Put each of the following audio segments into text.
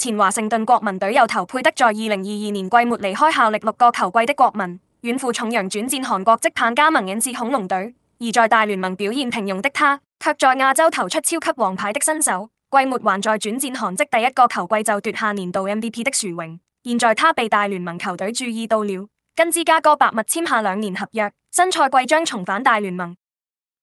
前華盛頓國民隊右投佩德在二零二二年季末離開效力六個球季的國民，遠赴重洋轉戰韓國，即盼加盟引致恐龍隊。而在大聯盟表現平庸的他，卻在亞洲投出超級王牌的身手，季末還在轉戰韓職第一個球季就奪下年度 MVP 的殊榮。現在他被大聯盟球隊注意到了，跟芝加哥白襪簽下兩年合約，新賽季將重返大聯盟。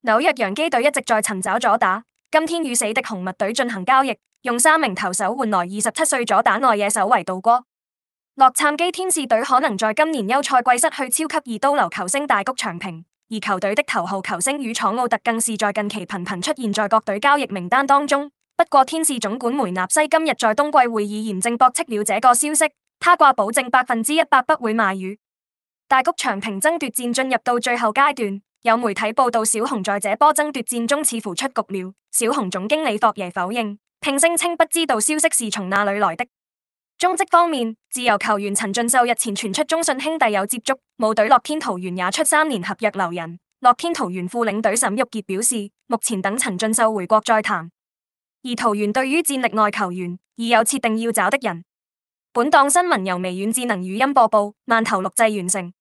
紐約洋基隊一直在尋找左打。今天與死敵紅襪隊進行交易，用三名投手換來二十七歲左打外野手維杜戈。洛杉磯天使隊可能在今年休賽季失去超級二刀流球星大谷翔平，而球隊的頭號球星鳟魚楚奧特更是在近期頻頻出現在各隊交易名單當中。不過，天使總管梅納西今日在冬季會議嚴正駁斥了這個消息，他掛保證百分之一百不會賣鳟魚。大谷翔平爭奪戰進入到最後階段。有媒體報道小熊在這波爭奪戰中似乎出局了，小熊總經理霍爺否認，並聲稱不知道消息是從哪裡來的。中職方面，自由球員陳俊秀日前傳出中信兄弟有接觸，舞隊樂天桃園也出三年合約留人。樂天桃園副領隊沈玉傑表示，目前等陳俊秀回國再談。而桃園對於戰力外球員，已有設定要找的人。本檔新聞由微軟智能語音播報，曼頭錄製完成。